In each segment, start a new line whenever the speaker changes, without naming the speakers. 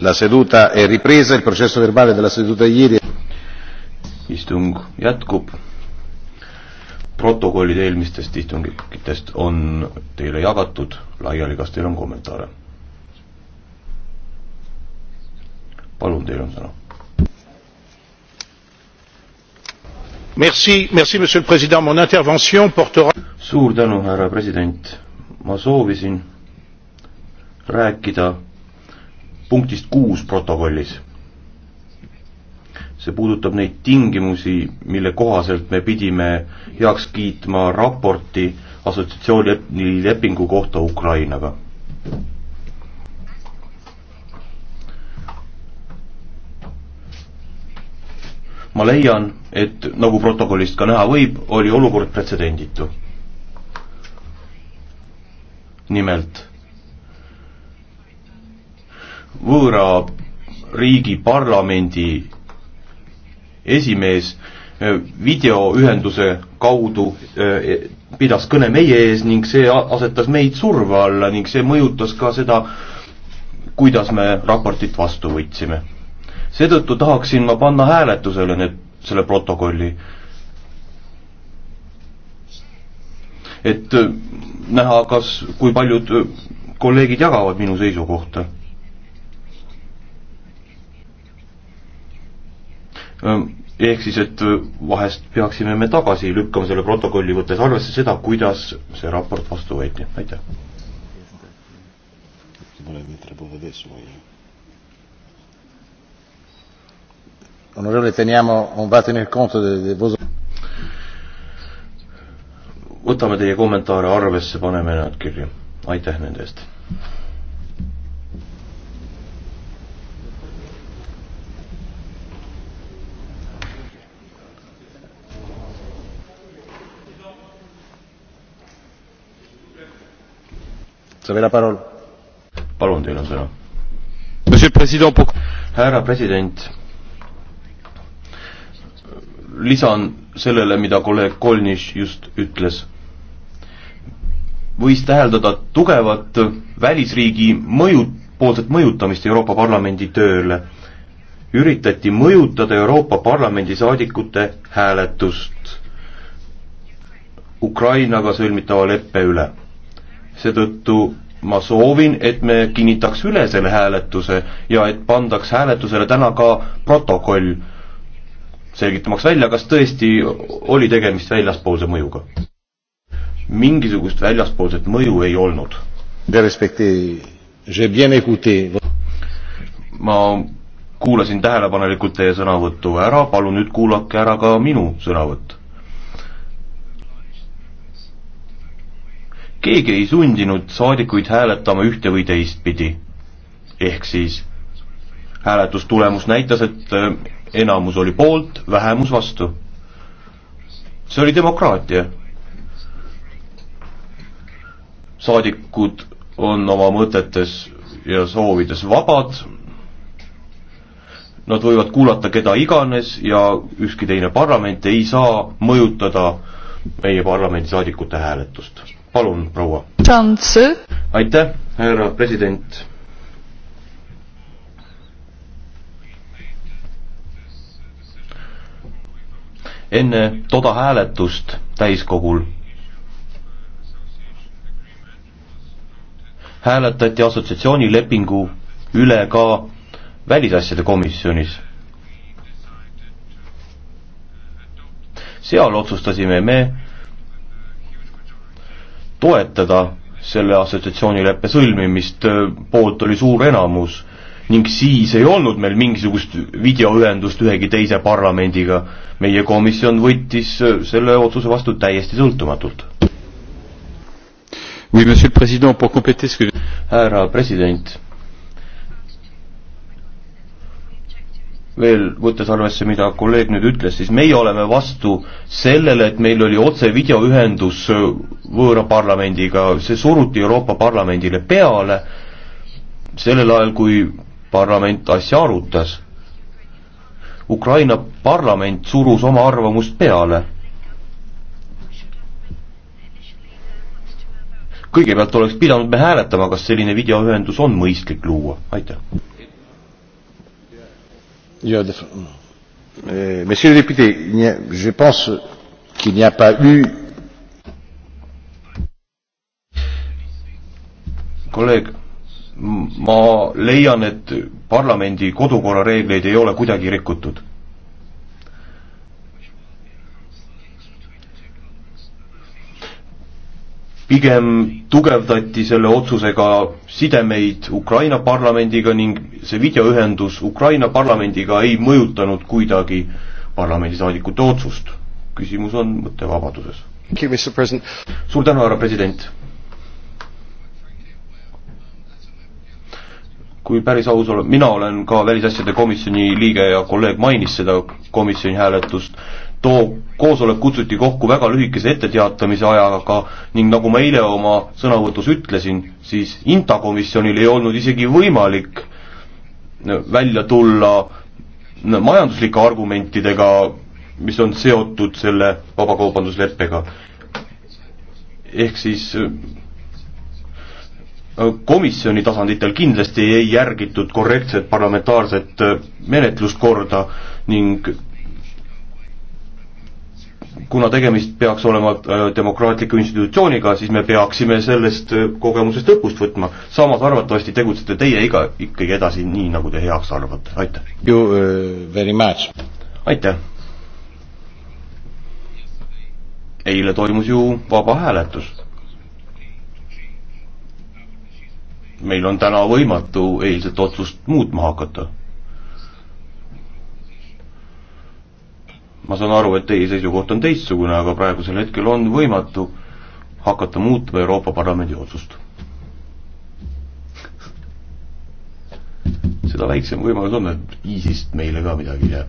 La seduta è ripresa, il processo verbale della seduta di ieri. istung jätkub. protokollid eelmistest istungitest on teile jagatud laiali, kas teil on kommentaare? palun, teil on sõna. Merci, merci, monsieur le president, mon intervention portera. suur tänu, härra president, ma soovisin rääkida punktist kuus protokollis. see puudutab neid tingimusi, mille kohaselt me pidime heaks kiitma raporti assotsiatsioonilepingu kohta Ukrainaga. ma leian, et nagu protokollist ka näha võib, oli olukord pretsedenditu. nimelt võõra riigi parlamendi esimees eh, videoühenduse kaudu eh, pidas kõne meie ees ning see asetas meid surve alla ning see mõjutas ka seda, kuidas me raportit vastu võtsime. seetõttu tahaksin ma panna hääletusele need, selle protokolli. et eh, näha, kas, kui paljud kolleegid jagavad minu seisukohta Ehm, ehk siis, et äh, vahest peaksime me tagasi lükkama selle protokolli, võttes arvesse seda, kuidas see raport vastu võeti, aitäh. võtame teie kommentaare arvesse, paneme nad kirja, aitäh nende eest. palun, teil on sõna. härra president, lisan sellele, mida kolleeg Kolnis just ütles. võis täheldada tugevat välisriigi mõju, poolset mõjutamist Euroopa Parlamendi tööle. üritati mõjutada Euroopa Parlamendi saadikute hääletust Ukrainaga sõlmitava leppe üle seetõttu ma soovin, et me kinnitaks üle selle hääletuse ja et pandaks hääletusele täna ka protokoll, selgitamaks välja, kas tõesti oli tegemist väljaspoolse mõjuga. mingisugust väljaspoolset mõju ei olnud. ma kuulasin tähelepanelikult teie sõnavõttu ära, palun nüüd kuulake ära ka minu sõnavõtt. keegi ei sundinud saadikuid hääletama ühte või teistpidi. ehk siis hääletustulemus näitas, et äh, enamus oli poolt, vähemus vastu. see oli demokraatia. saadikud on oma mõtetes ja soovides vabad, nad võivad kuulata keda iganes ja ükski teine parlament ei saa mõjutada meie parlamendisaadikute hääletust palun, proua. aitäh, härra president. enne toda hääletust täiskogul hääletati assotsiatsioonilepingu üle ka välisasjade komisjonis. seal otsustasime me toetada selle assotsiatsioonileppe sõlmimist, poolt oli suur enamus ning siis ei olnud meil mingisugust videoühendust ühegi teise parlamendiga. meie komisjon võttis selle otsuse vastu täiesti sõltumatult. härra president veel võttes arvesse, mida kolleeg nüüd ütles, siis meie oleme vastu sellele, et meil oli otse videoühendus äh, võõra parlamendiga, see suruti Euroopa Parlamendile peale sellel ajal, kui parlament asja arutas. Ukraina parlament surus oma arvamust peale. kõigepealt oleks pidanud me hääletama, kas selline videoühendus on mõistlik luua, aitäh. Euh, messieurs les députés je pense qu'il n'y a pas eu kolleeg ma leian et parlamendi kodukorrareegleid ei ole kuidagi rikutud. pigem tugevdati selle otsusega sidemeid Ukraina parlamendiga ning see videoühendus Ukraina parlamendiga ei mõjutanud kuidagi parlamendisaadikute otsust. küsimus on mõttevabaduses. suur tänu, härra president. kui päris aus olla, mina olen ka välisasjade komisjoni liige ja kolleeg mainis seda komisjoni hääletust too koosolek kutsuti kokku väga lühikese etteteatamise ajaga ning nagu ma eile oma sõnavõtus ütlesin, siis INTA komisjonil ei olnud isegi võimalik välja tulla majanduslike argumentidega, mis on seotud selle vabakaubandusleppega. ehk siis äh, komisjoni tasanditel kindlasti ei järgitud korrektset parlamentaarset äh, menetluskorda ning kuna tegemist peaks olema äh, demokraatliku institutsiooniga, siis me peaksime sellest äh, kogemusest õppust võtma. samas arvatavasti tegutsete teie iga, ikkagi edasi nii, nagu te heaks arvate, aitäh. You äh, very much. aitäh. eile toimus ju vaba hääletus. meil on täna võimatu eilset otsust muutma hakata ma saan aru, et teie seisukoht on teistsugune, aga praegusel hetkel on võimatu hakata muutma Euroopa Parlamendi otsust. seda väiksem võimalus on, et ISIS-t meile ka midagi ei jää.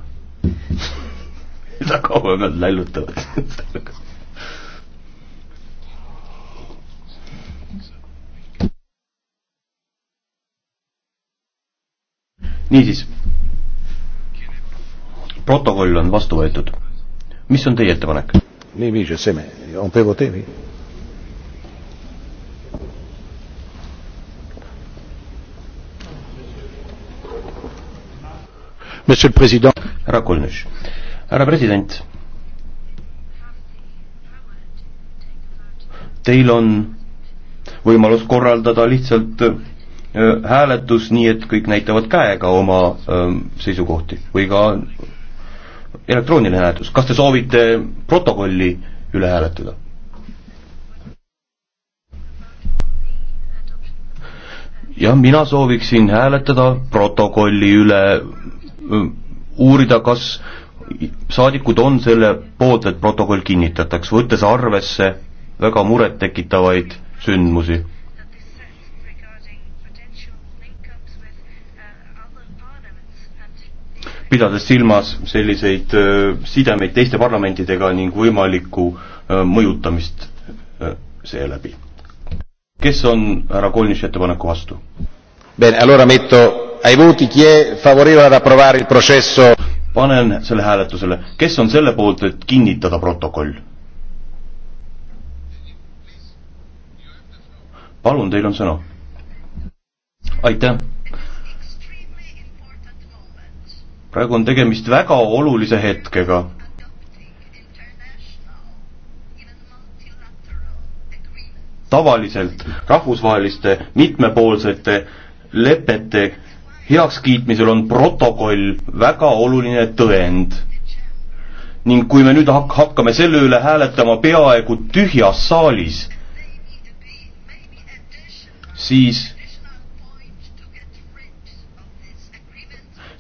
mida kauem nad lällutavad sellega niisiis protokoll on vastu võetud. mis on teie ettepanek? nii, nii, see me, on PVT, nii. Monsieur le Président. härra Kulniš. härra president. Teil on võimalus korraldada lihtsalt äh, hääletus, nii et kõik näitavad käega oma öö, ähm, seisukohti või ka elektrooniline hääletus, kas te soovite protokolli üle hääletada? jah, mina sooviksin hääletada protokolli üle, uurida, kas saadikud on selle poolt, et protokoll kinnitataks, võttes arvesse väga murettekitavaid sündmusi pidades silmas selliseid sidemeid teiste parlamentidega ning võimalikku mõjutamist seeläbi. kes on härra Kolniši ettepaneku vastu? Bene, allora metto ai voti chi è favorevole ad approvare il processo panen selle hääletusele, kes on selle poolt, et kinnitada protokoll? palun, teil on sõna. aitäh praegu on tegemist väga olulise hetkega. tavaliselt rahvusvaheliste mitmepoolsete lepete heakskiitmisel on protokoll väga oluline tõend. ning kui me nüüd hak-, hakkame selle üle hääletama peaaegu tühjas saalis, siis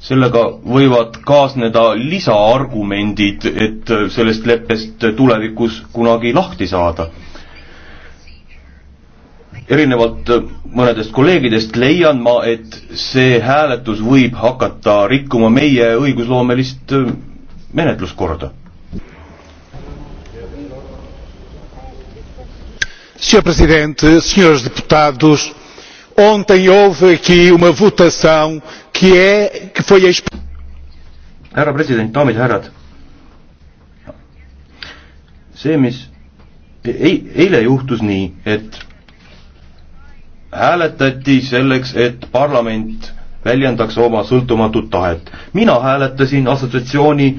sellega võivad kaasneda lisaargumendid, et sellest leppest tulevikus kunagi lahti saada. erinevalt mõnedest kolleegidest leian ma, et see hääletus võib hakata rikkuma meie õigusloomelist menetluskorda. Senhor Presidente, senhores deputados, ontem houve aqui uma votação härra president, daamid ja härrad. see, mis ei, eile juhtus nii, et hääletati selleks, et parlament väljendaks oma sõltumatut tahet. mina hääletasin assotsiatsiooni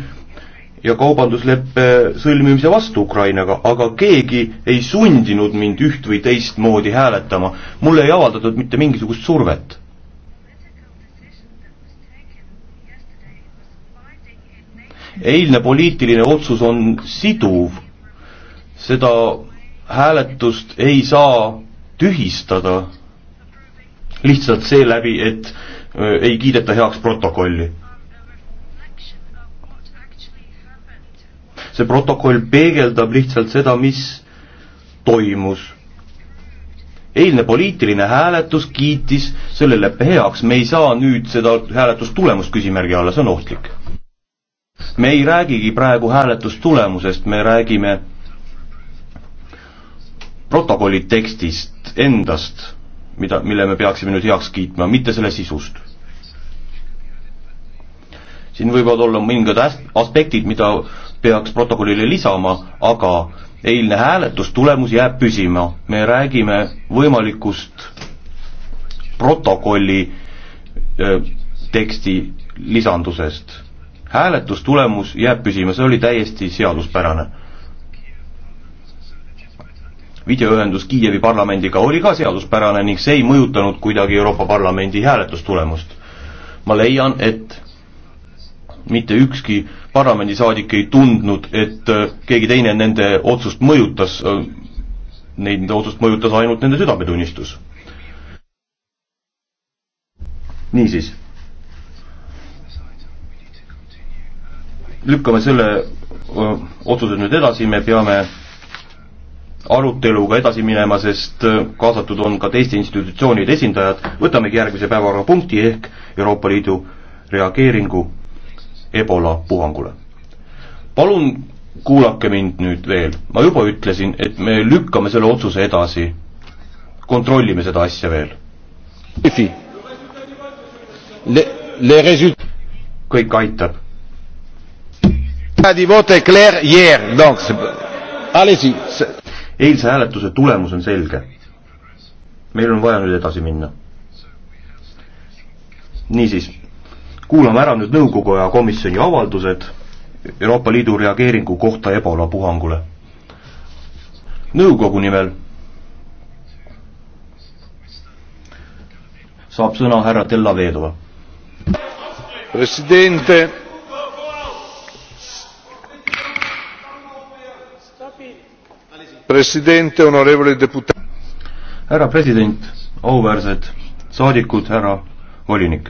ja kaubandusleppe sõlmimise vastu Ukrainaga, aga keegi ei sundinud mind üht või teistmoodi hääletama. mulle ei avaldatud mitte mingisugust survet eilne poliitiline otsus on siduv, seda hääletust ei saa tühistada lihtsalt seeläbi, et äh, ei kiideta heaks protokolli. see protokoll peegeldab lihtsalt seda, mis toimus. eilne poliitiline hääletus kiitis selle leppe heaks, me ei saa nüüd seda hääletustulemust küsimärgi alla, see on ohtlik me ei räägigi praegu hääletustulemusest, me räägime protokolli tekstist endast, mida, mille me peaksime nüüd heaks kiitma, mitte selle sisust. siin võivad olla mõningad aspektid, mida peaks protokollile lisama, aga eilne hääletustulemus jääb püsima, me räägime võimalikust protokolli öö, teksti lisandusest hääletustulemus jääb püsima, see oli täiesti seaduspärane. videoühendus Kiievi parlamendiga oli ka seaduspärane ning see ei mõjutanud kuidagi Euroopa Parlamendi hääletustulemust. ma leian, et mitte ükski parlamendisaadik ei tundnud, et äh, keegi teine nende otsust mõjutas, äh, neid nende otsust mõjutas ainult nende südametunnistus. niisiis lükkame selle otsuse nüüd edasi, me peame aruteluga edasi minema, sest kaasatud on ka teiste institutsioonide esindajad, võtamegi järgmise päevakorrapunkti ehk Euroopa Liidu reageeringu Ebola puhangule. palun kuulake mind nüüd veel, ma juba ütlesin, et me lükkame selle otsuse edasi, kontrollime seda asja veel. kõik aitab Pas du vote est clair hier, donc allez-y. eilse hääletuse tulemus on selge. meil on vaja nüüd edasi minna. niisiis, kuulame ära nüüd nõukogu ja komisjoni avaldused Euroopa Liidu reageeringu kohta Ebola puhangule. nõukogu nimel saab sõna härra Della Vedova. president president, honorable deputat. härra president, auväärsed saadikud, härra volinik